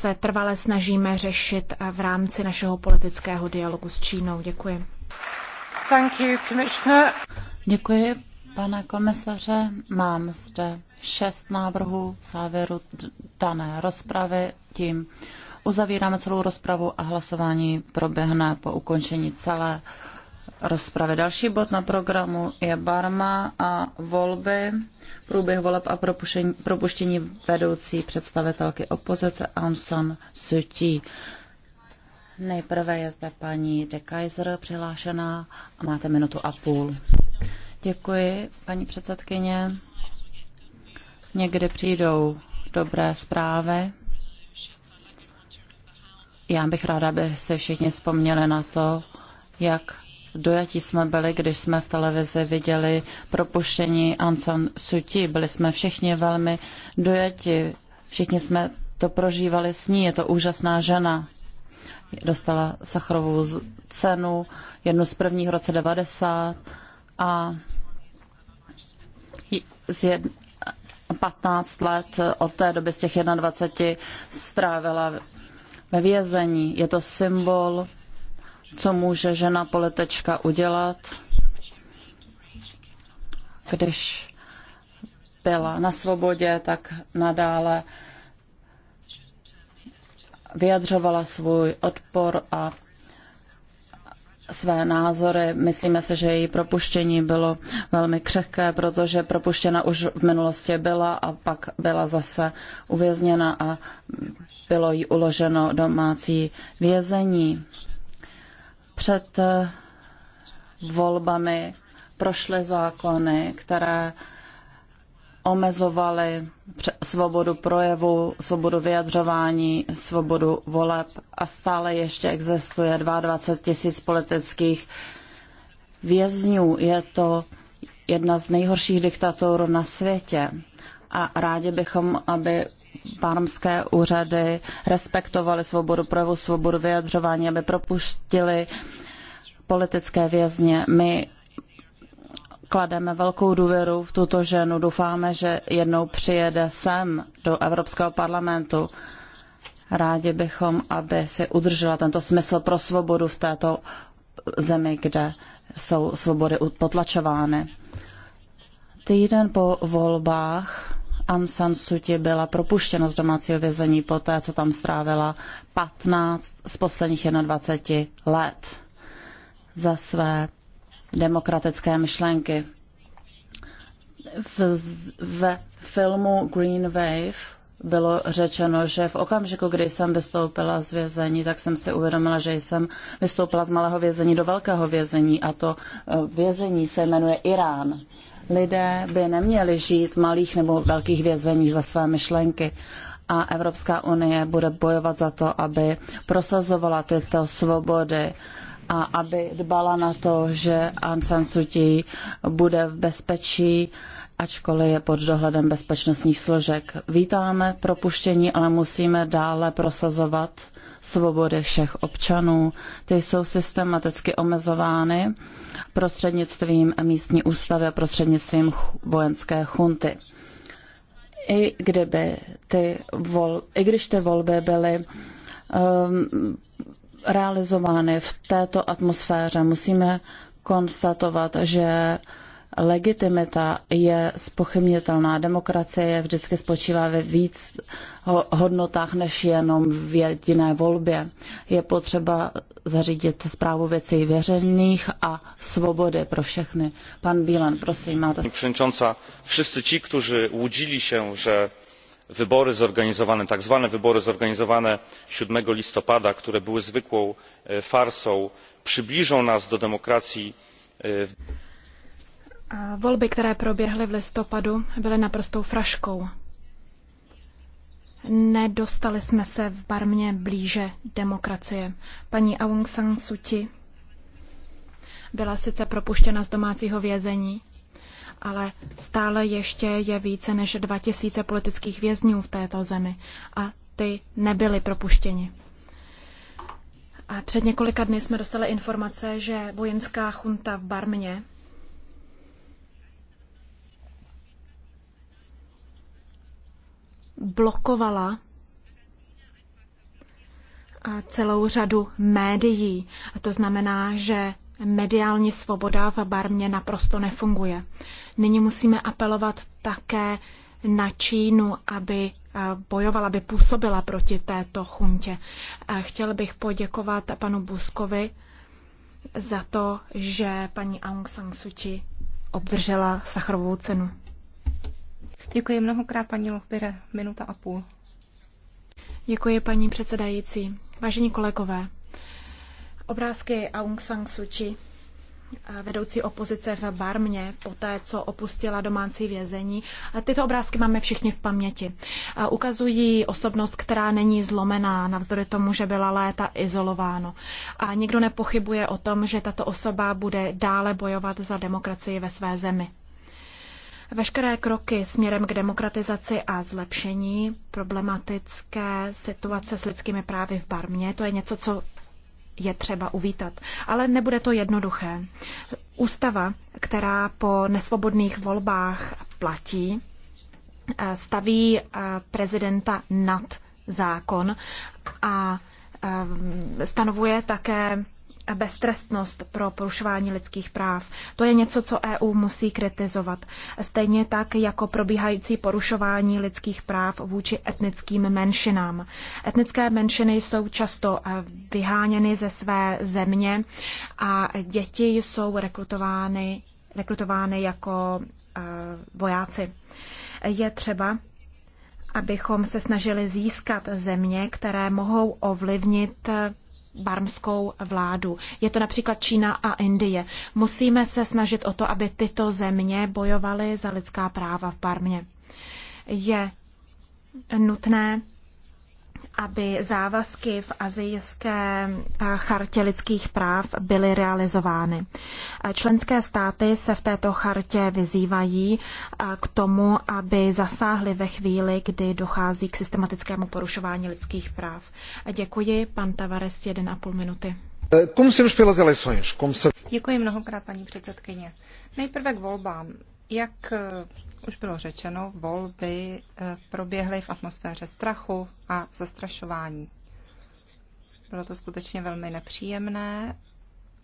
se trvale snažíme řešit v rámci našeho politického dialogu s Čínou. Děkuji. Thank you, Děkuji, pane komisaře. Mám zde šest návrhů závěru dané rozpravy. Tím uzavíráme celou rozpravu a hlasování proběhne po ukončení celé rozpravy. Další bod na programu je Barma a volby, průběh voleb a propuštění, propuštění vedoucí představitelky opozice Aung San Suu Kyi. Nejprve je zde paní De Kaiser přihlášená a máte minutu a půl. Děkuji, paní předsedkyně. Někdy přijdou dobré zprávy. Já bych ráda, aby se všichni vzpomněli na to, jak dojatí jsme byli, když jsme v televizi viděli propuštění Anson Suti. Byli jsme všichni velmi dojati. Všichni jsme to prožívali s ní. Je to úžasná žena. Dostala Sacharovou cenu, jednu z prvních v roce 90 a z jed, 15 let od té doby z těch 21 strávila ve vězení. Je to symbol co může žena politička udělat, když byla na svobodě, tak nadále vyjadřovala svůj odpor a své názory. Myslíme se, že její propuštění bylo velmi křehké, protože propuštěna už v minulosti byla a pak byla zase uvězněna a bylo jí uloženo domácí vězení před eh, volbami prošly zákony, které omezovaly svobodu projevu, svobodu vyjadřování, svobodu voleb a stále ještě existuje 22 tisíc politických vězňů. Je to jedna z nejhorších diktatur na světě a rádi bychom, aby pánské úřady respektovaly svobodu projevu, svobodu vyjadřování, aby propustili politické vězně. My klademe velkou důvěru v tuto ženu. Doufáme, že jednou přijede sem do Evropského parlamentu. Rádi bychom, aby si udržela tento smysl pro svobodu v této zemi, kde jsou svobody potlačovány. Týden po volbách Aung San Suu Kyi byla propuštěna z domácího vězení poté, co tam strávila 15 z posledních 21 let za své demokratické myšlenky. V, v filmu Green Wave bylo řečeno, že v okamžiku, kdy jsem vystoupila z vězení, tak jsem si uvědomila, že jsem vystoupila z malého vězení do velkého vězení a to eh, vězení se jmenuje Irán. Lidé by neměli žít v malých nebo velkých vězeních za své myšlenky a Evropská unie bude bojovat za to, aby prosazovala tyto svobody a aby dbala na to, že Aung San Suu Kyi bude v bezpečí, ačkoliv je pod dohledem bezpečnostních složek. Vítáme propuštění, ale musíme dále prosazovat svobody všech občanů. Ty jsou systematicky omezovány prostřednictvím místní ústavy a prostřednictvím vojenské chunty. I, kdyby ty vol, I když ty volby byly um, realizovány v této atmosféře, musíme konstatovat, že legitimita je spochybnitelná. Demokracie vždycky spočívá ve víc hodnotách než jenom v jediné volbě. Je potřeba zařídit zprávu věcí věřených a svobody pro všechny. Pan Bílan, prosím, máte... Wszyscy ci, którzy łudzili się, że wybory zorganizowane tak zwane wybory zorganizowane 7. listopada które były zwykłą e, farsą przybliżą nas do demokracji e, Volby, které proběhly v listopadu, byly naprostou fraškou. Nedostali jsme se v Barmě blíže demokracie. Paní Aung San Suu Kyi byla sice propuštěna z domácího vězení, ale stále ještě je více než 2000 politických vězňů v této zemi a ty nebyly propuštěni. A před několika dny jsme dostali informace, že vojenská chunta v Barmě blokovala celou řadu médií. A to znamená, že mediální svoboda v Barmě naprosto nefunguje. Nyní musíme apelovat také na Čínu, aby bojovala, aby působila proti této chuntě. Chtěl bych poděkovat panu Buskovi za to, že paní Aung San Suu Kyi obdržela Sacharovou cenu. Děkuji mnohokrát, paní Lochbire. Minuta a půl. Děkuji, paní předsedající. Vážení kolegové, obrázky Aung San Suu Kyi, vedoucí opozice v Barmě, poté co opustila domácí vězení. Tyto obrázky máme všichni v paměti. Ukazují osobnost, která není zlomená, navzdory tomu, že byla léta izolováno. A nikdo nepochybuje o tom, že tato osoba bude dále bojovat za demokracii ve své zemi. Veškeré kroky směrem k demokratizaci a zlepšení problematické situace s lidskými právy v Barmě, to je něco, co je třeba uvítat. Ale nebude to jednoduché. Ústava, která po nesvobodných volbách platí, eh, staví eh, prezidenta nad zákon a eh, stanovuje také beztrestnost pro porušování lidských práv. To je něco, co EU musí kritizovat. Stejně tak jako probíhající porušování lidských práv vůči etnickým menšinám. Etnické menšiny jsou často eh, vyháněny ze své země a děti jsou rekrutovány, rekrutovány jako eh, vojáci. Je třeba, abychom se snažili získat země, které mohou ovlivnit eh, barmskou vládu. Je to například Čína a Indie. Musíme se snažit o to, aby tyto země bojovaly za lidská práva v Barmě. Je nutné aby závazky v azijské eh, chartě lidských práv byly realizovány. Eh, členské státy se v této chartě vyzývají eh, k tomu, aby zasáhly ve chvíli, kdy dochází k systematickému porušování lidských práv. Děkuji, pan Tavares, 1,5 minuty. Děkuji mnohokrát, paní předsedkyně. Nejprve k volbám. Jak už bylo řečeno, volby eh, proběhly v atmosféře strachu a zastrašování. Bylo to skutečně velmi nepříjemné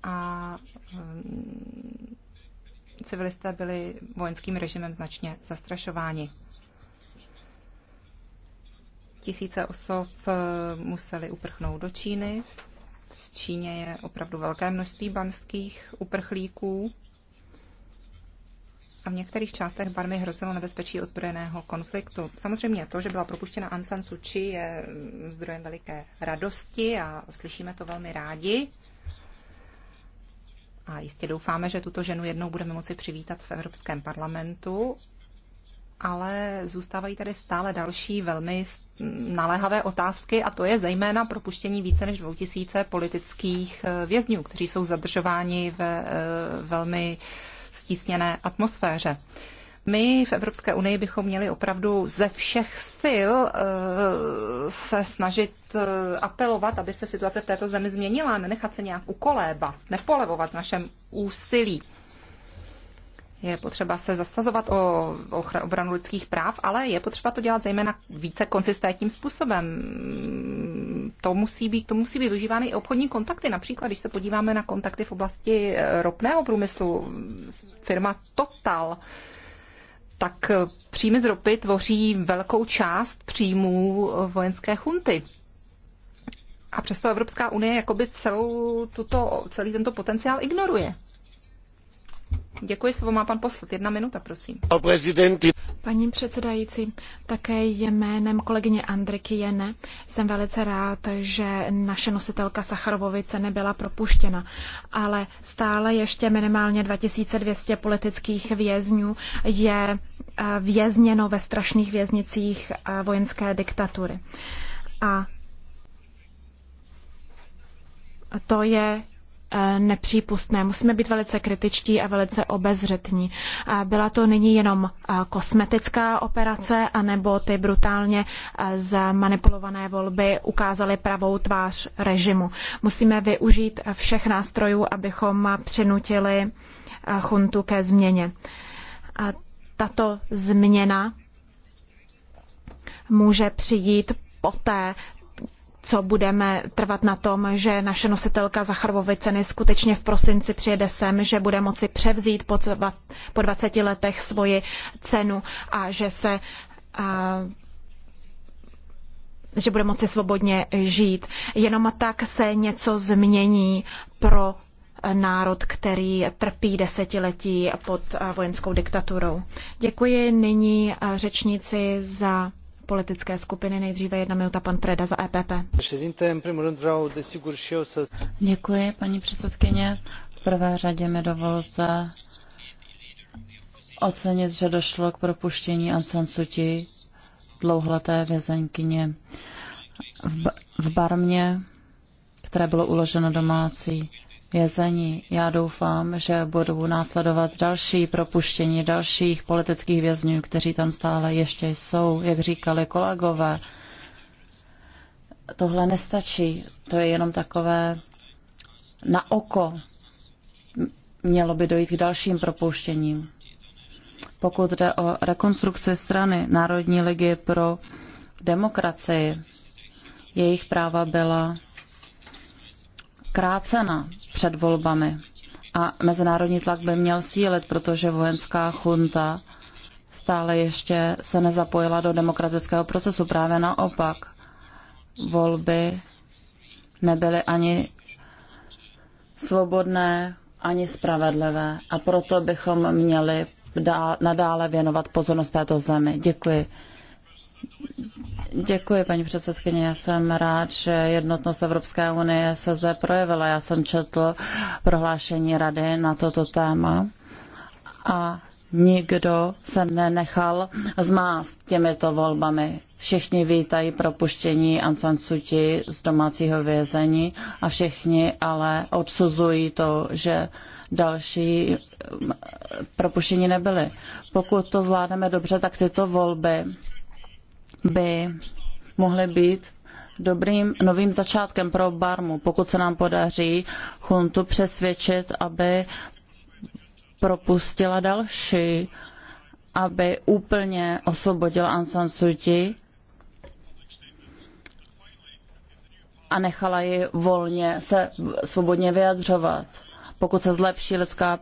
a mm, civilisté byli vojenským režimem značně zastrašováni. Tisíce osob eh, museli uprchnout do Číny. V Číně je opravdu velké množství banských uprchlíků a v některých částech Barmy hrozilo nebezpečí ozbrojeného konfliktu. Samozřejmě to, že byla propuštěna Aung San Suu Kyi, je zdrojem veliké radosti a slyšíme to velmi rádi. A jistě doufáme, že tuto ženu jednou budeme moci přivítat v Evropském parlamentu, ale zůstávají tady stále další velmi naléhavé otázky a to je zejména propuštění více než 2000 politických eh, vězňů, kteří jsou zadržováni ve eh, velmi stísněné atmosféře. My v Evropské unii bychom měli opravdu ze všech sil eh, se snažit eh, apelovat, aby se situace v této zemi změnila, nenechat se nějak ukolébat, nepolevovat v našem úsilí. Je potřeba se zasazovat o obranu lidských práv, ale je potřeba to dělat zejména více konsistentním způsobem. To musí být, to musí být užívány i obchodní kontakty. Například, když se podíváme na kontakty v oblasti eh, ropného průmyslu, firma Total, tak eh, příjmy z ropy tvoří velkou část příjmů eh, vojenské chunty. A přesto Evropská unie jakoby celou tuto, celý tento potenciál ignoruje. Děkuji, slovo má pan poslat. Jedna minuta, prosím. Paní předsedající, také jménem kolegyně Andriky Jene jsem velice rád, že naše nositelka Sacharovovy ceny byla propuštěna, ale stále ještě minimálně 2200 politických vězňů je eh, vězněno ve strašných věznicích eh, vojenské diktatury. A to je E, nepřípustné. Musíme být velice kritičtí a velice obezřetní. Byla to nyní jenom e, kosmetická operace, anebo ty brutálně e, zmanipulované volby ukázaly pravou tvář režimu. Musíme využít všech nástrojů, abychom přinutili chuntu ke změně. Tato změna může přijít poté, co budeme trvat na tom, že naše nositelka Zacharovovy ceny skutečně v prosinci přijede sem, že bude moci převzít po, dva, 20 letech svoji cenu a že se a, že bude moci svobodně žít. Jenom tak se něco změní pro národ, který trpí desetiletí pod vojenskou diktaturou. Děkuji nyní řečníci za politické skupiny. Nejdříve jedna minuta pan Preda za EPP. Děkuji, paní předsedkyně. V prvé řadě mi dovolte ocenit, že došlo k propuštění Aung San dlouhleté vězenkyně v, ba- v Barmě, které bylo uloženo domácí vězení. Já doufám, že budou následovat další propuštění dalších politických vězňů, kteří tam stále ještě jsou, jak říkali kolegové. Tohle nestačí, to je jenom takové na oko. Mělo by dojít k dalším propuštěním. Pokud jde o rekonstrukci strany Národní ligy pro demokracii, jejich práva byla krácena před volbami. A mezinárodní tlak by měl sílit, protože vojenská chunta stále ještě se nezapojila do demokratického procesu. Právě naopak, volby nebyly ani svobodné, ani spravedlivé. A proto bychom měli nadále věnovat pozornost této zemi. Děkuji. Děkuji, paní předsedkyně. Já jsem rád, že jednotnost Evropské unie se zde projevila. Já jsem četl prohlášení rady na toto téma a nikdo se nenechal zmást těmito volbami. Všichni vítají propuštění Aung San Suu Kyi z domácího vězení a všichni ale odsuzují to, že další propuštění nebyly. Pokud to zvládneme dobře, tak tyto volby by mohly být dobrým novým začátkem pro Barmu, pokud se nám podaří chuntu přesvědčit, aby propustila další, aby úplně osvobodila Aung San Suu Kyi a nechala ji volně se svobodně vyjadřovat pokud se zlepší lidská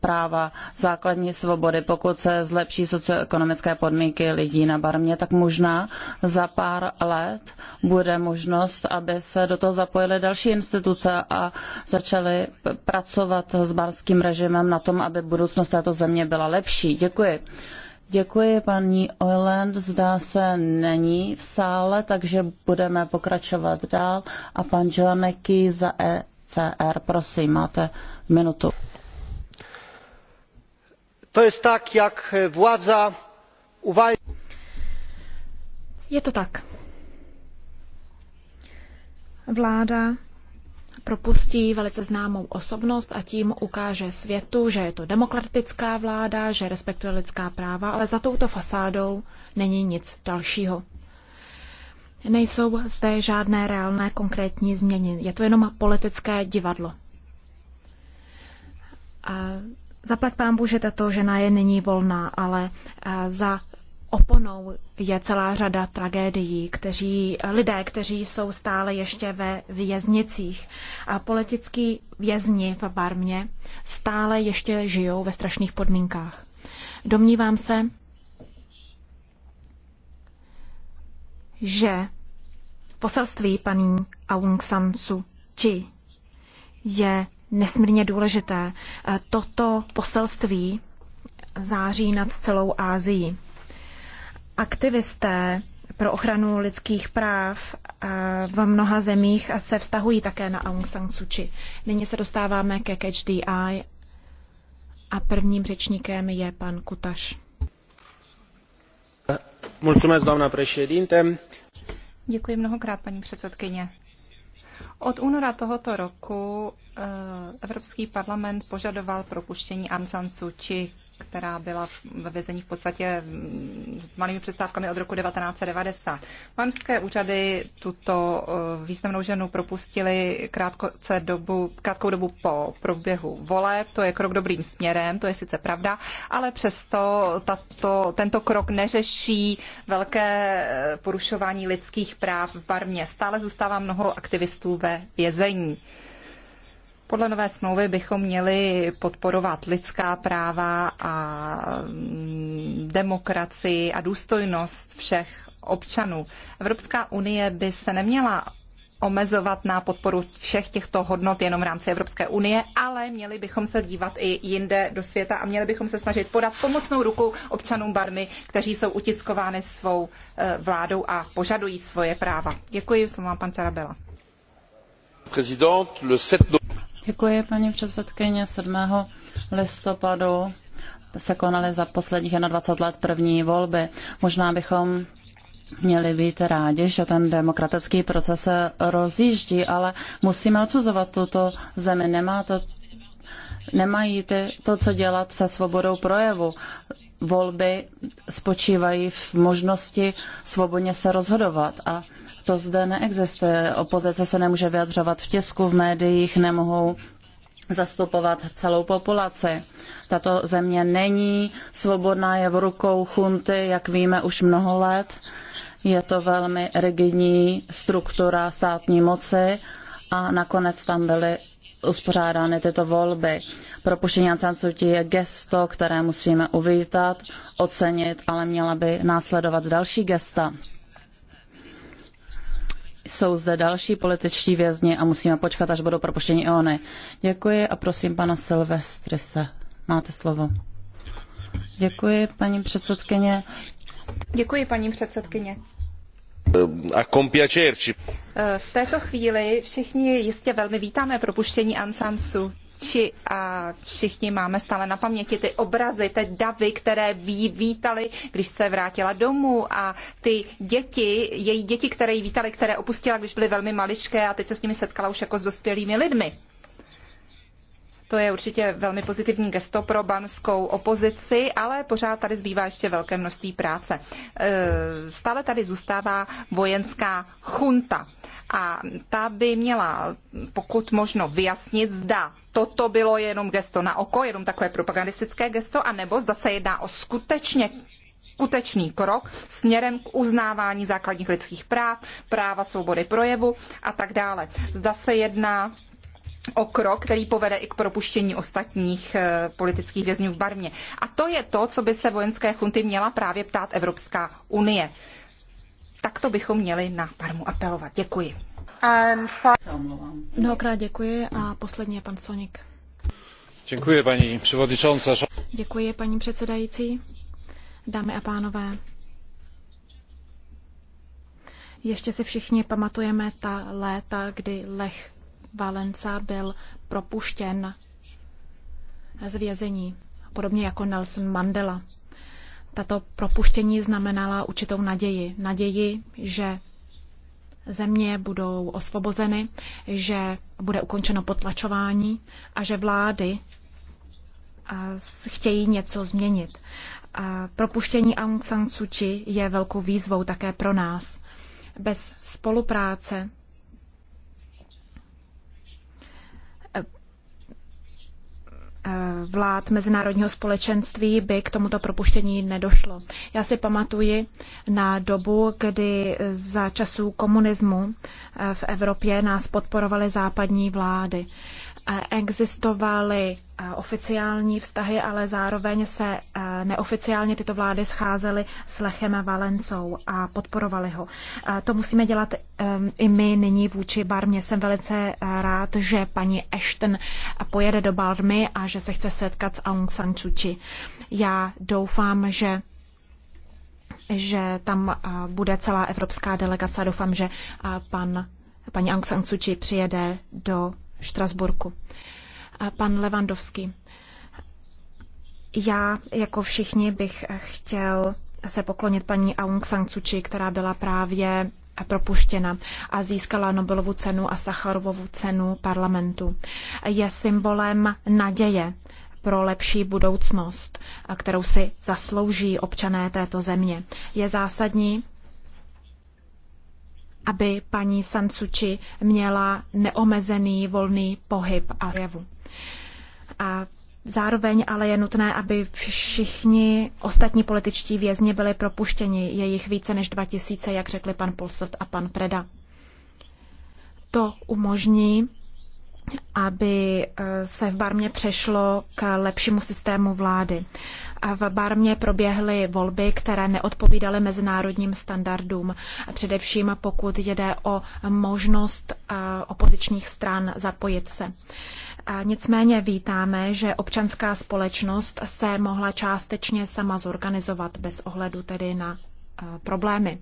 práva, základní svobody, pokud se zlepší socioekonomické podmínky lidí na Barmě, tak možná za pár let bude možnost, aby se do toho zapojily další instituce a začaly pracovat s barským režimem na tom, aby budoucnost této země byla lepší. Děkuji. Děkuji paní Oiland, zdá se není v sále, takže budeme pokračovat dál. A pan Joanneki za e Prosím, máte minutu. To je tak, jak vláda uvádí. Je to tak. Vláda propustí velice známou osobnost a tím ukáže světu, že je to demokratická vláda, že respektuje lidská práva, ale za touto fasádou není nic dalšího. Nejsou zde žádné reálné konkrétní změny. Je to jenom politické divadlo. A zaplať pán že tato žena je nyní volná, ale eh, za oponou je celá řada tragédií, kteří, lidé, kteří jsou stále ještě ve věznicích. A politický vězni v Barmě stále ještě žijou ve strašných podmínkách. Domnívám se, že poselství paní Aung San Suu Kyi je nesmírně důležité. Eh, toto poselství září nad celou Ázií. Aktivisté pro ochranu lidských práv eh, v mnoha zemích se vztahují také na Aung San Suu Kyi. Nyní se dostáváme ke KHDI a prvním řečníkem je pan Kutaš. Mulțumesc, doamna președinte. Děkuji mnohokrát, paní předsedkyně. Od února tohoto roku eh, Evropský parlament požadoval propuštění Ansan Suči, která byla ve vězení v podstatě s malými přestávkami od roku 1990. Panské úřady tuto eh, významnou ženu propustili krátkoce dobu, krátkou dobu po proběhu vole. To je krok dobrým směrem, to je sice pravda, ale přesto tato, tento krok neřeší velké eh, porušování lidských práv v Barmě. Stále zůstává mnoho aktivistů ve vězení. Podle nové smlouvy bychom měli podporovat lidská práva a mm, demokracii a důstojnost všech občanů. Evropská unie by se neměla omezovat na podporu všech těchto hodnot jenom v rámci Evropské unie, ale měli bychom se dívat i jinde do světa a měli bychom se snažit podat pomocnou ruku občanům Barmy, kteří jsou utiskovány svou eh, vládou a požadují svoje práva. Děkuji, slovo má pan Carabela. Prezident, le 7 Děkuji, paní předsedkyně. 7. listopadu se konaly za posledních 21 let první volby. Možná bychom měli být rádi, že ten demokratický proces se rozjíždí, ale musíme odsuzovat tuto zemi. Nemá to, nemají ty, to, co dělat se svobodou projevu volby spočívají v možnosti svobodně se rozhodovat a to zde neexistuje. Opozice se nemůže vyjadřovat v tisku, v médiích, nemohou zastupovat celou populaci. Tato země není svobodná, je v rukou chunty, jak víme, už mnoho let. Je to velmi rigidní struktura státní moci a nakonec tam byly uspořádány tyto volby. Propuštění Aung San Suu Kyi je gesto, které musíme uvítat, ocenit, ale měla by následovat další gesta. Jsou zde další političtí vězni a musíme počkat, až budou propuštěni i oni. Děkuji a prosím pana Silvestrise. Máte slovo. Děkuji, paní předsedkyně. Děkuji, paní předsedkyně. A compiacerci. Eh, v této chvíli všichni jistě velmi vítáme propuštění Ansansu Či a všichni máme stále na paměti ty obrazy, ty davy, které ví, vítali, když se vrátila domů a ty děti, její děti, které jí vítali, které opustila, když byly velmi maličké a teď se s nimi setkala už jako s dospělými lidmi. To je určitě velmi pozitivní gesto pro banskou opozici, ale pořád tady zbývá ještě velké množství práce. E, stále tady zůstává vojenská chunta a ta by měla pokud možno vyjasnit, zda toto bylo jenom gesto na oko, jenom takové propagandistické gesto, anebo zda se jedná o skutečně skutečný krok směrem k uznávání základních lidských práv, práva svobody projevu a tak dále. Zda se jedná o krok, který povede i k propuštění ostatních eh, politických vězňů v Barmě. A to je to, co by se vojenské chunty měla právě ptát Evropská unie. Tak to bychom měli na Barmu apelovat. Děkuji. Mnohokrát děkuji a poslední je pan Sonik. Děkuji, paní předsedající. Děkuji, paní předsedající. Dámy a pánové, ještě si všichni pamatujeme ta léta, kdy Lech Valenca byl propuštěn z vězení, podobně jako Nelson Mandela. Tato propuštění znamenala určitou naději. Naději, že země budou osvobozeny, že bude ukončeno potlačování a že vlády chtějí něco změnit. Propuštění Aung San Suu Kyi je velkou výzvou také pro nás. Bez spolupráce Eh, vlád mezinárodního společenství by k tomuto propuštění nedošlo. Já si pamatuji na dobu, kdy za časů komunismu eh, v Evropě nás podporovaly západní vlády. Eh, existovaly oficiální vztahy, ale zároveň se neoficiálně tyto vlády scházely s Lechem Valencou a podporovali ho. To musíme dělat i my nyní vůči Barmě. Jsem velice eh, rád, že paní Ashton pojede do Barmy a že se chce setkat s Aung San Suu Kyi. Já doufám, že že tam eh, bude celá evropská delegace. Doufám, že eh, pan, paní Aung San Suu Kyi přijede do Štrasburku. Pan Levandovský. Já, jako všichni, bych chtěl se poklonit paní Aung San Suu Kyi, která byla právě propuštěna a získala Nobelovu cenu a Sacharovovu cenu parlamentu. Je symbolem naděje pro lepší budoucnost, kterou si zaslouží občané této země. Je zásadní, aby paní San Suu Kyi měla neomezený volný pohyb a zjevu. A Zároveň ale je nutné, aby všichni ostatní političtí vězni byli propuštěni. Je jich více než 2000, jak řekli pan Polsot a pan Preda. To umožní, aby eh, se v Barmě přešlo k lepšímu systému vlády. V Barmě proběhly volby, které neodpovídaly mezinárodním standardům, především pokud jde o možnost eh, opozičních stran zapojit se. Nicméně vítáme, že občanská společnost se mohla částečně sama zorganizovat bez ohledu tedy na eh, problémy.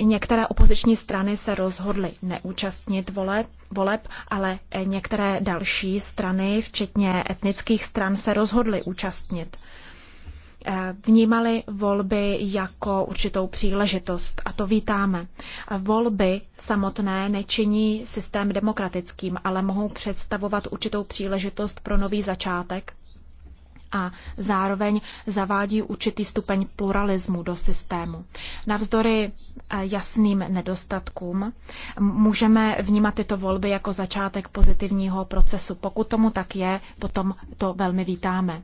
Některé opoziční strany se rozhodly neúčastnit voleb, voleb, ale některé další strany, včetně etnických stran, se rozhodly účastnit. Eh, vnímali volby jako určitou příležitost a to vítáme. Volby samotné nečiní systém demokratickým, ale mohou představovat určitou příležitost pro nový začátek a zároveň zavádí určitý stupeň pluralismu do systému. Navzdory eh, jasným nedostatkům můžeme vnímat tyto volby jako začátek pozitivního procesu. Pokud tomu tak je, potom to velmi vítáme.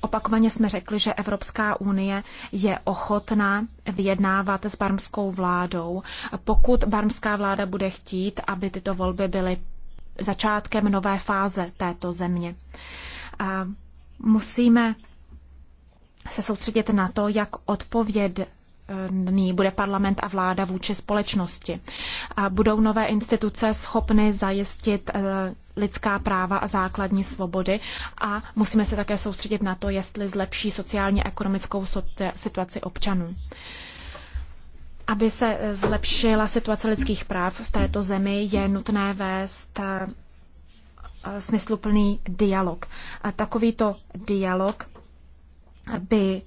Opakovaně jsme řekli, že Evropská unie je ochotná vyjednávat s barmskou vládou, pokud barmská vláda bude chtít, aby tyto volby byly začátkem nové fáze této země. A Musíme se soustředit na to, jak odpověd bude parlament a vláda vůči společnosti. Budou nové instituce schopny zajistit eh, lidská práva a základní svobody a musíme se také soustředit na to, jestli zlepší sociálně ekonomickou situaci občanů. Aby se eh, zlepšila situace lidských práv v této zemi, je nutné vést eh, Eh, smysluplný dialog. A takovýto dialog by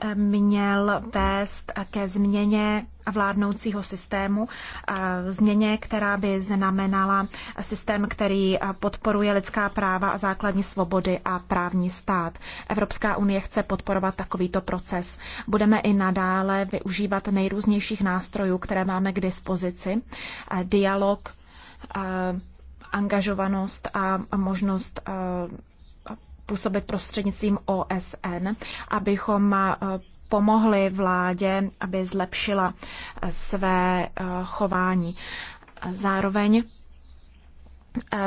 eh, měl vést ke změně vládnoucího systému, eh, změně, která by znamenala systém, který podporuje lidská práva a základní svobody a právní stát. Evropská unie chce podporovat takovýto proces. Budeme i nadále využívat nejrůznějších nástrojů, které máme k dispozici. Dialog, angažovanost a možnost eh, působit prostřednictvím OSN, abychom eh, pomohli vládě, aby zlepšila eh, své chování. Zároveň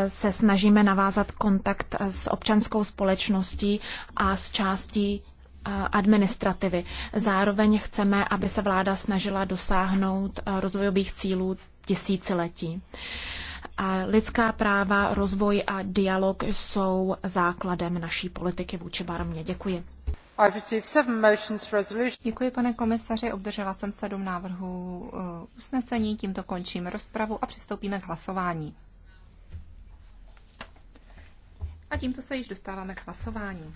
se snažíme navázat kontakt s občanskou společností a s částí administrativy. Zároveň chceme, aby se vláda snažila dosáhnout rozvojových cílů tisíciletí. Lidská práva, rozvoj a dialog jsou základem naší politiky vůči Barmě. Děkuji. Děkuji, pane komisaři. Obdržela jsem sedm návrhů eh, usnesení. Tímto končím rozpravu a přistoupíme k hlasování. A tímto se již dostáváme k hlasování.